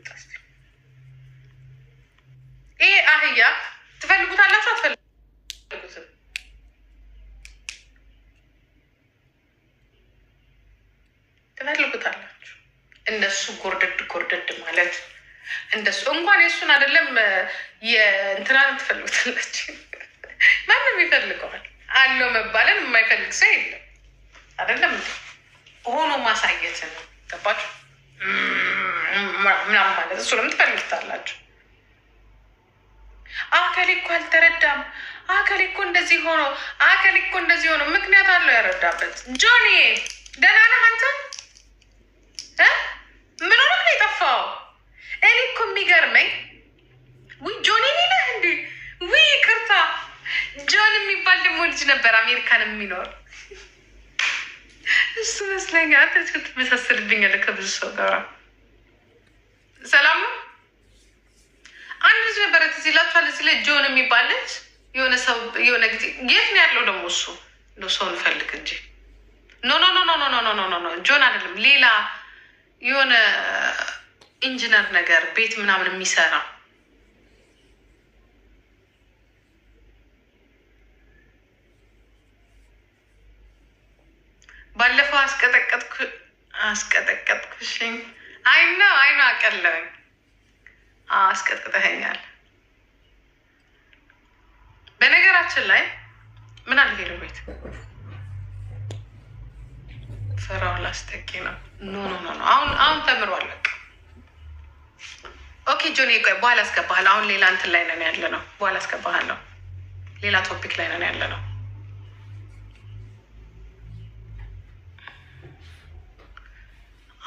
ልውጣስ። ይሄ አህያ ትፈልጉታላችሁ አትፈልጉትም? ትፈልጉታላችሁ። እንደሱ ጎርደድ ጎርደድ ማለት እንደሱ እንኳን የእሱን አይደለም የእንትናን ትፈልጉታላችሁ። ማንም ይፈልገዋል አለው መባለን የማይፈልግ ሰው የለም። አይደለም ሆኖ ማሳየት ነው። ገባችሁ? ምናምን ማለት ለምን ትፈልግታላችሁ። አከሌ እኮ አልተረዳም፣ አከሌ እኮ እንደዚህ ሆኖ፣ አከሌ እኮ እንደዚህ ሆኖ ምክንያት አለው ያረዳበት። ጆኒ ደህና ነህ አንተ? ምን ሆነ ነው የጠፋው? እኔ እኮ የሚገርመኝ ውይ ጆኒ ነህ እንዲ ውይ ይቅርታ፣ ጆን የሚባል ደግሞ ልጅ ነበር አሜሪካን የሚኖር እሱ መስለኛ ትንሽ ትመሳሰልብኛለህ ከብዙ ሰው ጋር ሰላሙ አንድ ልጅ ነበረ እዚህ ላቷል። እዚህ ላይ ጆን የሚባለች የሆነ ሰው የሆነ ጊዜ የት ነው ያለው ደግሞ እሱ ሰውን ፈልግ እንጂ ኖ ኖ ኖ ኖ ኖ ኖ ኖ ኖ ጆን አይደለም፣ ሌላ የሆነ ኢንጂነር ነገር ቤት ምናምን የሚሰራ ባለፈው አስቀጠቀጥኩ አስቀጠቀጥኩሽኝ አይ ነው አይ ነው አቀለኝ አስቀጥቅጠኸኛል። በነገራችን ላይ ምን አለ ሄሎ ቤት ፈራው ላስተቂ ነው። ኖ ኖ ኖ አሁን አሁን ተምሯል። በቃ ኦኬ ጆኒ፣ ቆይ በኋላ አስገባሃል። አሁን ሌላ እንትን ላይ ነን ያለ ነው። በኋላ አስገባሃል ነው ሌላ ቶፒክ ላይ ነን ያለ ነው።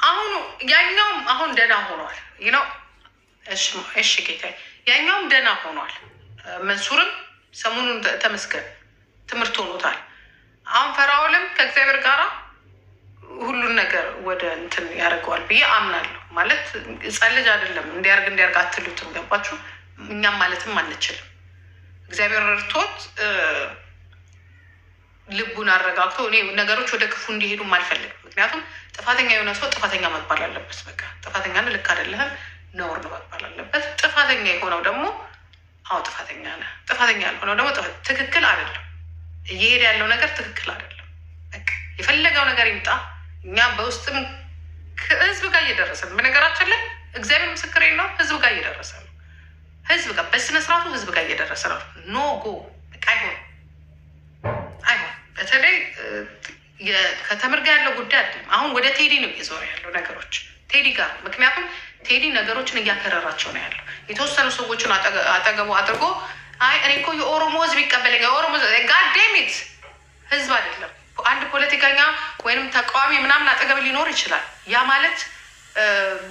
አሁኑ ያኛውም አሁን ደህና ሆኗል ነው። እሺ ጌታ ያኛውም ደህና ሆኗል። መንሱርም ሰሞኑን ተመስገን ትምህርት ሆኖታል። አሁን ፈራውልም ከእግዚአብሔር ጋራ ሁሉን ነገር ወደ እንትን ያደርገዋል ብዬ አምናለሁ። ማለት ሕፃን ልጅ አይደለም እንዲያርግ እንዲያርግ አትሉትም። ገባችሁ? እኛም ማለትም አንችልም። እግዚአብሔር ረድቶት ልቡን አረጋግቶ እኔ ነገሮች ወደ ክፉ እንዲሄዱ አልፈልግም። ምክንያቱም ጥፋተኛ የሆነ ሰው ጥፋተኛ መባል አለበት። በቃ ጥፋተኛ ልክ አይደለህም፣ ነውር ነው መባል አለበት። ጥፋተኛ የሆነው ደግሞ አዎ ጥፋተኛ ነህ፣ ጥፋተኛ ያልሆነው ደግሞ ትክክል አይደለም። እየሄደ ያለው ነገር ትክክል አይደለም። በቃ የፈለገው ነገር ይምጣ። እኛ በውስጥም ከህዝብ ጋር እየደረሰን በነገራችን ላይ እግዚአብሔር ምስክር ነው፣ ህዝብ ጋር እየደረሰ ነው። ህዝብ ጋር በስነስርዓቱ ህዝብ ጋር እየደረሰ ነው። ኖ ጎ በቃ አይሆን ከተምር ጋር ያለው ጉዳይ አይደለም። አሁን ወደ ቴዲ ነው እየዞረ ያለው ነገሮች ቴዲ ጋር ምክንያቱም ቴዲ ነገሮችን እያከረራቸው ነው ያለው። የተወሰኑ ሰዎችን አጠገቡ አድርጎ አይ እኔ እኮ የኦሮሞ ህዝብ ይቀበለኝ የኦሮሞ ጋዴሚት ህዝብ አይደለም። አንድ ፖለቲከኛ ወይንም ተቃዋሚ ምናምን አጠገብ ሊኖር ይችላል። ያ ማለት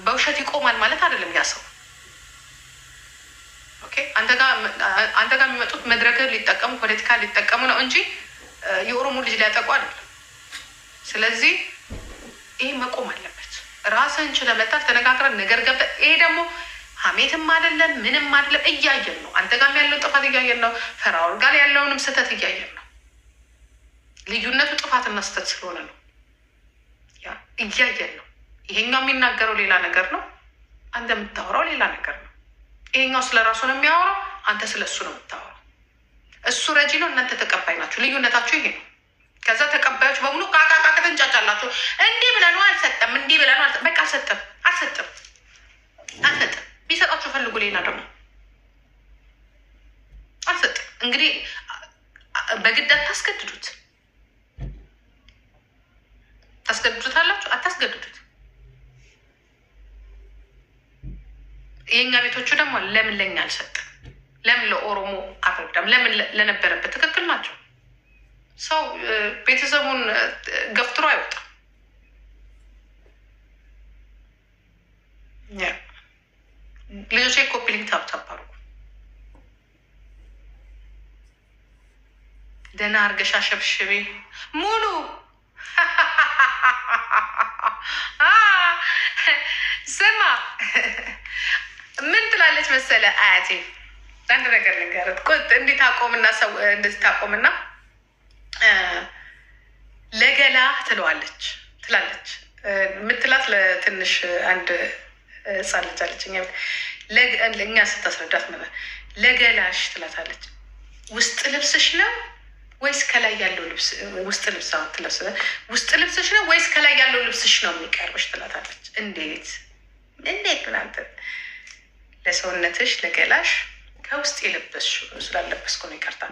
በውሸት ይቆማል ማለት አይደለም። ያ ሰው አንተ ጋር የሚመጡት መድረክ ሊጠቀሙ ፖለቲካ ሊጠቀሙ ነው እንጂ የኦሮሞ ልጅ ሊያጠቁ አይደለም። ስለዚህ ይህ መቆም አለበት። ራስን ችለህ መጣል ተነጋግረን ነገር ገብተህ ይሄ ደግሞ ሀሜትም አይደለም ምንም አይደለም። እያየን ነው፣ አንተ ጋም ያለውን ጥፋት እያየን ነው፣ ፈራውን ጋር ያለውንም ስህተት እያየን ነው። ልዩነቱ ጥፋትና ስህተት ስለሆነ ነው፣ እያየን ነው። ይሄኛው የሚናገረው ሌላ ነገር ነው፣ አንተ የምታወራው ሌላ ነገር ነው። ይሄኛው ስለ ራሱ ነው የሚያወራው፣ አንተ ስለ እሱ ነው የምታወራው። እሱ ረጂ ነው፣ እናንተ ተቀባይ ናችሁ። ልዩነታችሁ ይሄ ነው። ከዛ ተቀባዮች በሙሉ ቃቃቃ ከተንጫጫላቸው እንዲህ ብለን አልሰጠም፣ እንዲህ ብለነው አልሰጠም። በቃ አልሰጠም፣ አልሰጠም፣ አልሰጠም። ቢሰጣቸው ፈልጉ ሌላ ደግሞ አልሰጠም። እንግዲህ በግድ አታስገድዱት። ታስገድዱት አላችሁ፣ አታስገድዱት። የእኛ ቤቶቹ ደግሞ ለምን ለኛ አልሰጠም? ለምን ለኦሮሞ አልረዳም? ለምን ለነበረበት ትክክል ናቸው። ሰው ቤተሰቡን ገፍትሮ አይወጣም። ልጆች ኮፒሊንግ ታብታብ አድርጉ። ደህና አድርገሽ አሸብሽቤ ሙሉ ስማ፣ ምን ትላለች መሰለ አያቴ፣ አንድ ነገር ልንገርህ። እንዴት አቆምና ሰው እንደዚህ ታቆምና ለገላ ትለዋለች ትላለች የምትላት ለትንሽ አንድ ህፃን ልጅ አለችኝ። እኛ ስታስረዳት ምና ለገላሽ ትላታለች። ውስጥ ልብስሽ ነው ወይስ ከላይ ያለው ልብስ? ውስጥ ልብስ ትለብስ ውስጥ ልብስሽ ነው ወይስ ከላይ ያለው ልብስሽ ነው የሚቀርብሽ? ትላታለች። እንዴት እንዴት ምናንተ ለሰውነትሽ ለገላሽ ከውስጥ የለበስሽ ስላለበስኩ ነው ይቀርታ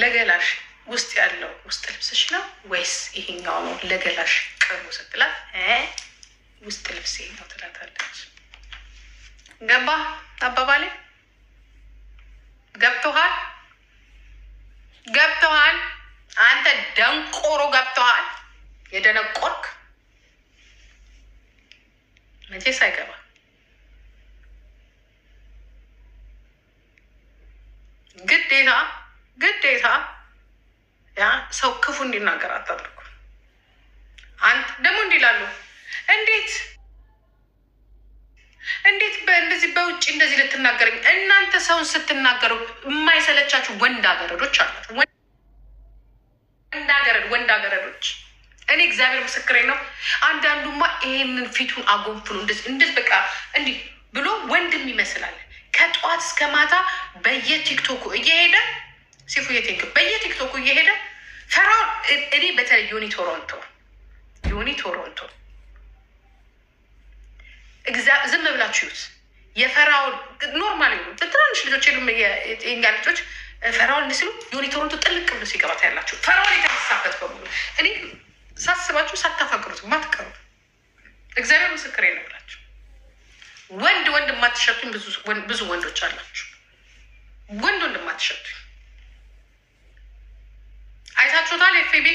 ለገላሽ ውስጥ ያለው ውስጥ ልብስሽ ነው ወይስ ይሄኛው ነው ለገላሽ ቅርቡ ስትላት ውስጥ ልብስ ነው ትላታለች። ገባ አባባሌ? ገብቶሃል? ገብቶሃል? አንተ ደንቆሮ ገብቶሃል? የደነቆርክ መቼስ ሳይገባ ግዴታ ግዴታ ያ ሰው ክፉ እንዲናገር አታድርጉ። አንተ ደግሞ እንዲላሉ እንዴት እንዴት እንደዚህ በውጭ እንደዚህ ልትናገረኝ? እናንተ ሰውን ስትናገሩ የማይሰለቻችሁ ወንድ አገረዶች አላችሁ። ወንድ አገረድ ወንድ አገረዶች እኔ እግዚአብሔር ምስክሬ ነው። አንዳንዱማ ይሄንን ፊቱን አጎንፍሎ እንደዚህ በቃ እንዲህ ብሎ ወንድም ይመስላል። ከጠዋት እስከ ማታ በየቲክቶኩ እየሄደ እየሄደ ፈራውን እኔ በተለይ ዮኒ ቶሮንቶ ዮኒ ቶሮንቶ ዝም ብላችሁ ይዩት። የፈራውን ኖርማል ሆኑ ትናንሽ ልጆች የሉም የኛ ልጆች ፈራውን እንዲህ ዩኒ ዮኒ ቶሮንቶ ጥልቅ ብሎ ሲገባት ያላችሁ ፈራውን የተነሳበት በሙሉ እኔ ሳስባችሁ ሳታፈቅሩት ማትቀሩ እግዚአብሔር ምስክር ነው ወንድ ወንድ የማትሸቱኝ ብዙ ወንዶች አላችሁ። ወንድ ወንድ የማትሸቱኝ አይታችሁታል። ኤፌቤ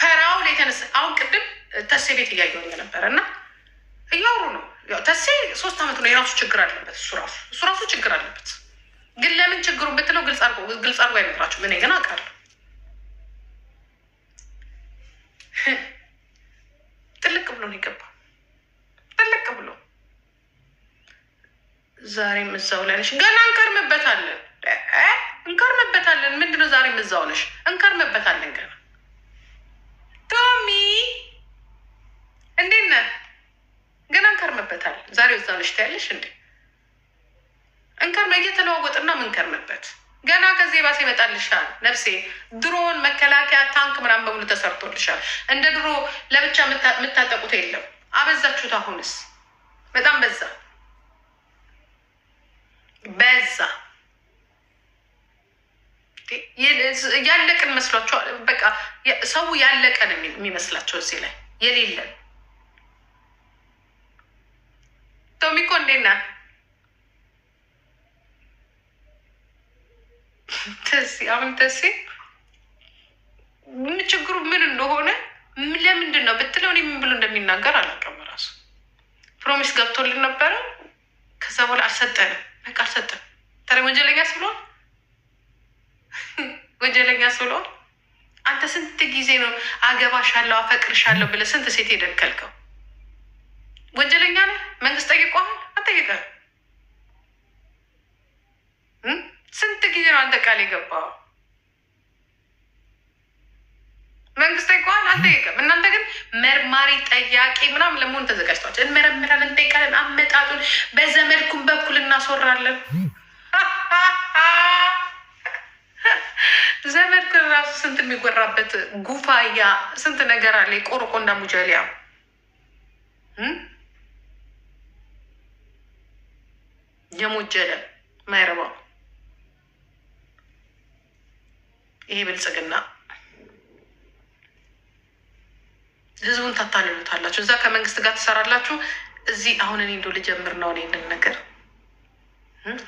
ፈራውል የተነሳ አሁን ቅድም ተሴ ቤት እያየሁኝ ነበረ እና እያወሩ ነው። ተሴ ሶስት ዓመት ነው የራሱ ችግር አለበት። እሱ ራሱ እሱ ራሱ ችግር አለበት። ግን ለምን ችግሩ ብትለው ግልጽ አርጎ አይነግራችሁ። እኔ ግን አውቃለሁ። ጥልቅ ብሎ ነው የገባው። ጥልቅ ብሎ ዛሬም እዛው ላይ ነሽ። ገና እንከርምበታለን። እንከርምበታለን። ምንድነው ዛሬ እዛው እንከርምበታለን። ገና ቶሚ እንዴት ነህ? ገና እንከርምበታለን። ዛሬ እዛው ታያለሽ እንዴ? እንከርም እየተለዋወጥና ነው ገና ከዚህ ባስ ይመጣልሻል ነፍሴ። ድሮን መከላከያ ታንክ ምናምን በሙሉ ተሰርቶልሻል። እንደ ድሮ ለብቻ የምታጠቁት የለም። አበዛችሁት። አሁንስ በጣም በዛ በዛ ያለቅን መስሏቸው በቃ ሰው ያለቀን የሚመስላቸው እዚህ ላይ የሌለን ቶሚኮ እንዴና ተሴ አሁን ተሴ ችግሩ ምን እንደሆነ ለምንድን ነው ብትለው እኔ ምን ብሎ እንደሚናገር አላውቅም። ራሱ ፕሮሚስ ገብቶልን ነበረ። ከዛ በኋላ አልሰጠንም፣ በቃ አልሰጠንም። ተረ ወንጀለኛ ስብሏል። ወንጀለኛ ስለሆን አንተ ስንት ጊዜ ነው አገባሻለሁ፣ አፈቅርሻለሁ ብለህ ስንት ሴት የደከልከው? ወንጀለኛ ነህ። መንግስት ጠይቆሃል? አልጠየቀህም። ስንት ጊዜ ነው አንተ ቃል የገባው? መንግስት ጠይቆሃል? አልጠየቀም። እናንተ ግን መርማሪ ጠያቂ ምናምን ለመሆን ተዘጋጅታችኋል። እንመረምራለን፣ እንጠይቃለን፣ አመጣጡን በዘመድኩን በኩል እናስወራለን። ነገር ራሱ ስንት የሚጎራበት ጉፋያ ስንት ነገር አለ። ቆርቆና ሙጀሊያ የሞጀለ ማይረባው ይሄ ብልጽግና ህዝቡን ታታልሉታላችሁ። እዛ ከመንግስት ጋር ትሰራላችሁ። እዚህ አሁን እኔ እንዶ ልጀምር ነው ይንን ነገር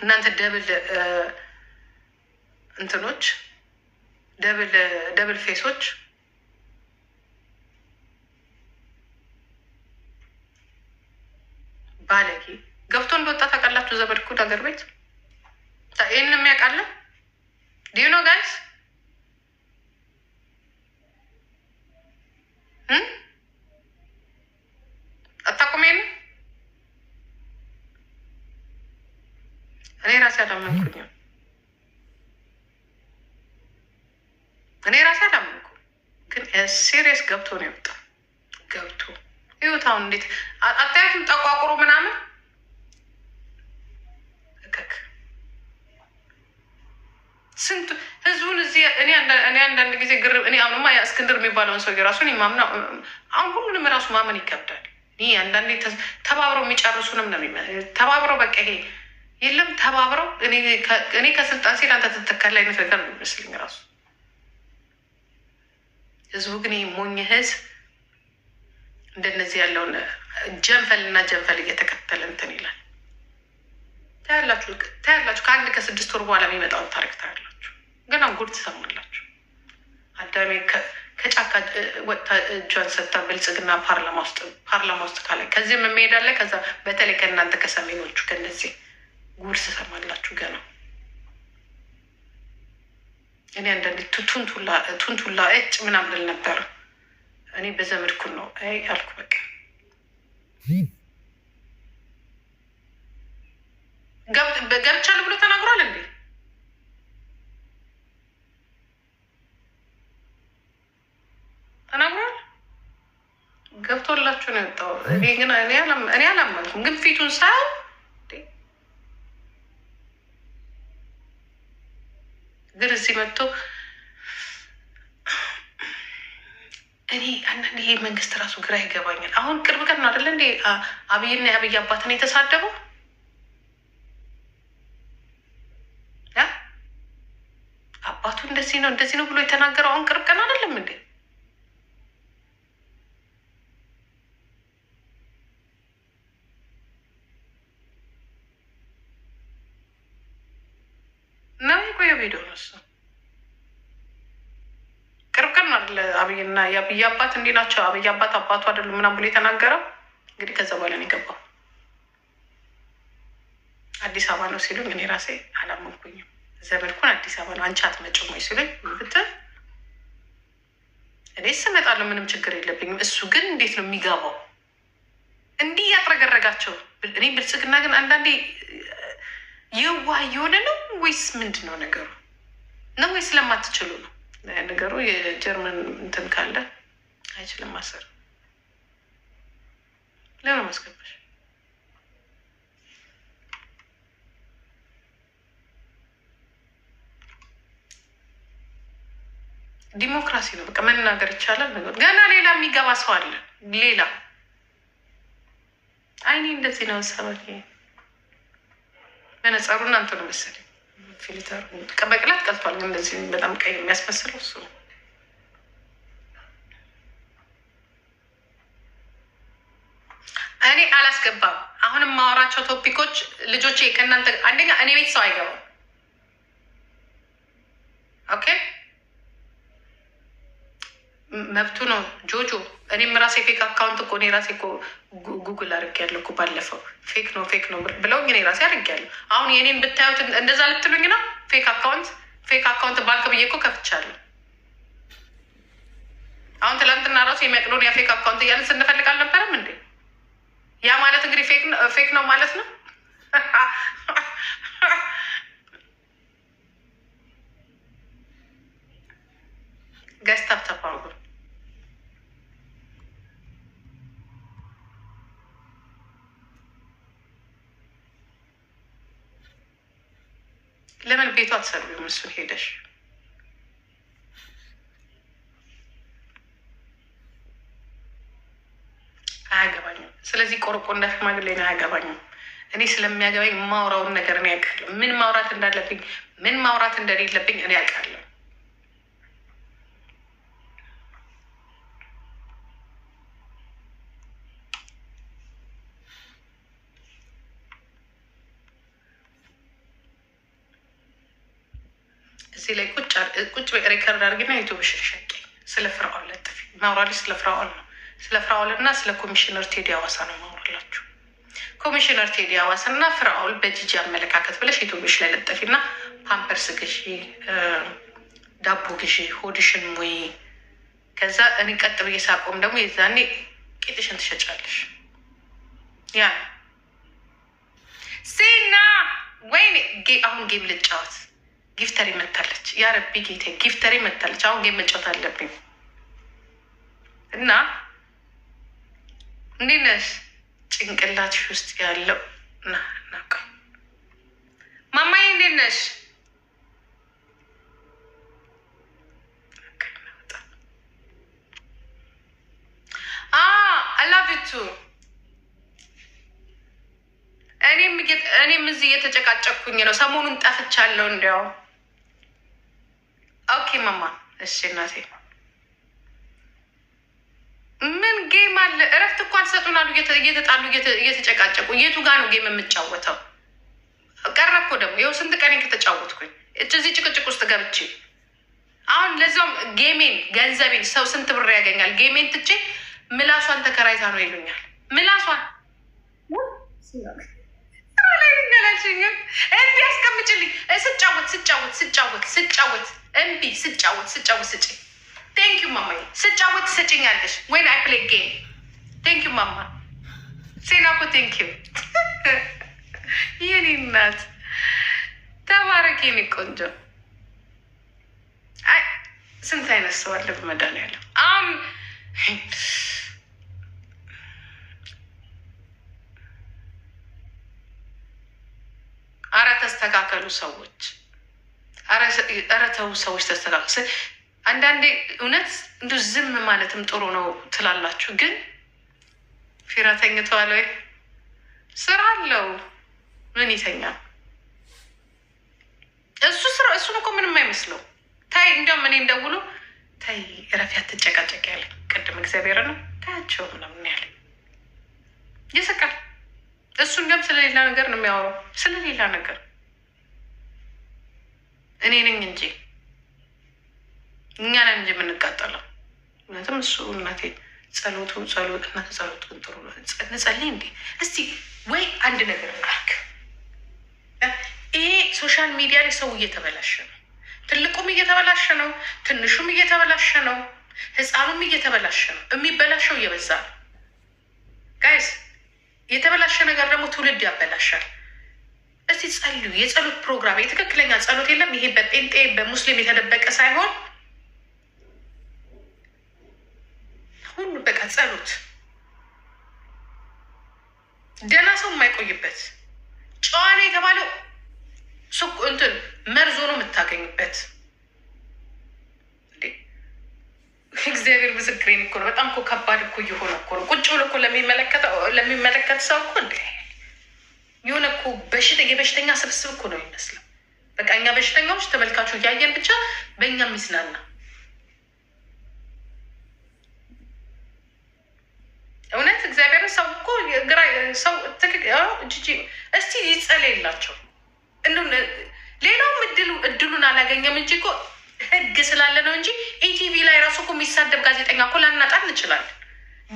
እናንተ ደብል እንትኖች ደብል ደብል ፌሶች ባለጌ ገብቶ እንደወጣ ታውቃላችሁ። ዘበድኩድ ሀገር ቤት ይህን የሚያውቃለ ዲዩኖ ጋይስ አታቁሜ እኔ ራሴ አላመንኩኝም። እኔ ራሴ አላመንኩም፣ ግን ሲሪየስ ገብቶ ነው የወጣው። ገብቶ ይኸውት አሁን እንዴት አታያትም? ጠቋቁሮ ምናምን ስንቱ ህዝቡን እዚህ እኔ አንዳንድ ጊዜ ግር እኔ አሁንማ እስክንድር የሚባለውን ሰው የራሱን ማምና አሁን ሁሉንም ራሱ ማመን ይከብዳል። ይህ አንዳንዴ ተባብረው የሚጨርሱንም ነው ተባብረው በቃ ይሄ የለም ተባብረው እኔ ከስልጣን ሲል አንተ ትተካል አይነት ነገር ነው የሚመስለኝ ራሱ ህዝቡ ግን የሞኝ ህዝብ እንደነዚህ ያለውን ጀንፈል እና ጀንፈል እየተከተለ እንትን ይላል። ታያላችሁ ታያላችሁ። ከአንድ ከስድስት ወር በኋላ የሚመጣውን ታሪክ ታያላችሁ። ገና ጉድ ትሰማላችሁ። አዳሜ ከጫካ ወጥታ እጇን ሰጥታ ብልጽግና ፓርላማ ውስጥ ፓርላማ ውስጥ ካለ ከዚህም የምሄዳለ ከዛ በተለይ ከእናንተ ከሰሜኖቹ ከነዚህ ጉድ ትሰማላችሁ ገና እኔ አንዳንድ ቱንቱላ እጭ ምናምን ነበር። እኔ በዘመድኩን ነው አይ አልኩ በቃ ገብቻለሁ ብሎ ተናግሯል እንዴ? ተናግሯል። ገብቶላችሁ ነው የወጣው። እኔ ግን እኔ አላመንኩም፣ ግን ፊቱን ሳያው እዚህ መጥቶ እኔ አንዳንድ ይሄ መንግስት ራሱ ግራ ይገባኛል። አሁን ቅርብ ቀን ነው አደለ እንዴ አብይና የአብይ አባትን የተሳደቡ አባቱ እንደዚህ ነው እንደዚህ ነው ብሎ የተናገረው አሁን ቅርብ ቀን አይደለም እንዴ? እና የአብይ አባት እንዲህ ናቸው። አብይ አባት አባቱ አይደሉም ምናምን ብሎ የተናገረው እንግዲህ ከዛ በኋላ ነው የገባው አዲስ አበባ ነው ሲሉኝ እኔ ራሴ አላመንኩኝም። ዘመድኩን አዲስ አበባ ነው አንቺ አትመጭም ወይ ሲሉኝ ብት እኔ ስመጣለሁ ምንም ችግር የለብኝም። እሱ ግን እንዴት ነው የሚገባው? እንዲህ ያጥረገረጋቸው። እኔ ብልጽግና ግን አንዳንዴ የዋህ የሆነ ነው ወይስ ምንድን ነው ነገሩ? ነው ወይስ ስለማትችሉ ነው? ነገሩ የጀርመን እንትን ካለ አይችልም ማሰር። ለምን ማስገባሽ? ዲሞክራሲ ነው። በቃ መናገር ይቻላል። ገና ሌላ የሚገባ ሰው አለ። ሌላ አይኔ እንደዚህ ነው። ሰባ መነጸሩ እናንተ ነው መሰለኝ ፊልተር በቅላት ቀልቷል። ግን እንደዚህ በጣም ቀይ የሚያስመስለው እሱ እኔ አላስገባም። አሁን የማወራቸው ቶፒኮች ልጆቼ ከእናንተ አንደኛ እኔ ቤት ሰው አይገባም። ኦኬ መብቱ ነው ጆጆ። እኔም ራሴ ፌክ አካውንት እኮ እኔ ራሴ እኮ ጉግል አድርጌያለሁ እኮ ባለፈው ፌክ ነው ፌክ ነው ብለው እኔ ራሴ አድርጌያለሁ። አሁን የኔን ብታዩት እንደዛ ልትሉኝ ነው። ፌክ አካውንት ፌክ አካውንት ባንክ ብዬ እኮ ከፍቻለሁ። አሁን ትላንትና ራሱ የመቄዶኒያ ፌክ አካውንት እያለን ስንፈልግ አልነበረም እንዴ? ያ ማለት እንግዲህ ፌክ ነው ማለት ነው። ጋይስ ታፕ ለምን ቤቷ አትሰሪውም? እሱን ሄደሽ አያገባኝም። ስለዚህ ቆርቆ እንዳ ሽማግሌ አያገባኝም። እኔ ስለሚያገባኝ ማውራውን ነገር እኔ ያውቃለሁ። ምን ማውራት እንዳለብኝ፣ ምን ማውራት እንደሌለብኝ እኔ ያውቃለሁ። እዚህ ላይ ቁጭ ሪከርድ አድርጊና ዩቱብ ሽንሸቂ ስለ ፍርኦል ለጥፊ ማውራሌ ስለ ፍርኦል ነው። ስለ ፍርኦል እና ስለ ኮሚሽነር ቴዲ አዋሳ ነው ማውራላችሁ። ኮሚሽነር ቴዲ አዋሳ እና ፍርኦል በጂጂ አመለካከት ብለሽ ዩቱብሽ ላይ ለጠፊ እና ፓምፐርስ ግዢ፣ ዳቦ ግዢ፣ ሆድሽን ሙይ። ከዛ እኔ ቀጥ ብዬ ሳቆም ደግሞ የዛኔ ቂጥሽን ትሸጫለሽ። ያ ሲና ወይኔ አሁን ጌም ልጫወት ጊፍተሪ መታለች። ያረቢ ጌቴ ጊፍተሪ መታለች። አሁን ጌም መጫወት አለብኝ እና እንዴት ነሽ? ጭንቅላትሽ ውስጥ ያለው ናናቀ ማማዬ እንዴት ነሽ? አላፊቱ እኔም እዚህ እየተጨቃጨኩኝ ነው። ሰሞኑን ጠፍቻለሁ እንዲያው ኦኬ መማ እሺ እናቴ ምን ጌም አለ? እረፍት እኮ አልሰጡናሉ። እየተጣሉ እየተጨቃጨቁ የቱ ጋር ነው ጌም የምጫወተው? ቀረብኮ ደግሞ ይኸው ስንት ቀኔ ከተጫወትኩኝ እዚህ ጭቅጭቅ ውስጥ ገብቼ አሁን ለዚም ጌሜን ገንዘቤን ሰው ስንት ብር ያገኛል? ጌሜን ትቼ ምላሷን ተከራይታ ነው ይሉኛል። ምላሷን ላይ እንዲያስቀምጭልኝ ስጫወት ስጫወት ስጫወት ስጫወት እምቢ። ስጫወት ስጫወት ስጭ። ቴንክ ማማ። ስጫወት ስጭኛለሽ። ወይን አይ ፕሌይ ጌም። ቴንክ ማማ። ሴናኮ እኮ ቴንክ ዩ የኔ እናት። ተባረክ የኔ ቆንጆ። ስንት አይነት ሰው አለ በመድኃኒዓለም አሁን አረ ተስተካከሉ ሰዎች። ኧረ ተው ሰዎች ተስተካክስ። አንዳንዴ እውነት እንዲ ዝም ማለትም ጥሩ ነው ትላላችሁ። ግን ፊራ ተኝተዋል ወይ ስራ አለው ምን ይተኛል እሱ ስራ እሱም እኮ ምንም አይመስለው። ታይ እንዲያውም እኔ እንደውሎ ታይ ረፊ አትጨቃጨቅ ያለ ቅድም እግዚአብሔር ነው ታያቸው ምናምን ያለ ይስቃል። እሱ እንዲያውም ስለሌላ ነገር ነው የሚያወራው ስለሌላ ነገር እኔ ነኝ እንጂ እኛ ነን እንጂ የምንቃጠለው። እውነትም እሱ እናቴ ጸሎቱ ጸሎት እናተ ጸሎቱ ጥሩ ንጸልይ እንዴ እስቲ ወይ አንድ ነገር ምላክ ይሄ ሶሻል ሚዲያ ላይ ሰው እየተበላሸ ነው። ትልቁም እየተበላሸ ነው። ትንሹም እየተበላሸ ነው። ህፃኑም እየተበላሸ ነው። የሚበላሸው እየበዛ ነው። ጋይስ የተበላሸ ነገር ደግሞ ትውልድ ያበላሻል። እስቲ ጸልዩ። የጸሎት ፕሮግራም የትክክለኛ ጸሎት የለም። ይሄ በጴንጤ በሙስሊም የተደበቀ ሳይሆን ሁሉ በቃ ጸሎት ደህና ሰው የማይቆይበት ጨዋ ነው የተባለው ሱቅ እንትን መርዞ ነው የምታገኝበት። እግዚአብሔር ምስክሬን እኮ ነው። በጣም እኮ ከባድ እኮ እየሆነ እኮ ነው። ቁጭ ብሎ እኮ ለሚመለከት ሰው እኮ እንዴ የሆነ እኮ የበሽተኛ ስብስብ እኮ ነው የሚመስለው። በቃ እኛ በሽተኛዎች ተመልካቹ እያየን ብቻ በእኛ የሚዝናና እውነት እግዚአብሔርን ሰው እኮ ግራ ሰው ጂጂ እስቲ ይጸለይላቸው። ሌላውም እድሉ እድሉን አላገኘም እንጂ እኮ ህግ ስላለ ነው እንጂ ኢቲቪ ላይ ራሱ እኮ የሚሳደብ ጋዜጠኛ እኮ ላናጣ እንችላለን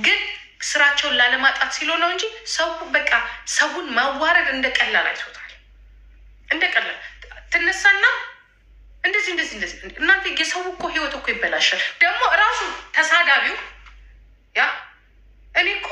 ግን ስራቸውን ላለማጣት ሲሉ ነው እንጂ ሰው በቃ ሰውን ማዋረድ እንደ ቀላል አይቶታል። እንደ ቀላል ትነሳና እንደዚህ እንደዚህ እንደዚህ እናንተ የሰው እኮ ህይወት እኮ ይበላሻል። ደግሞ እራሱ ተሳዳቢው ያ እኔ እኮ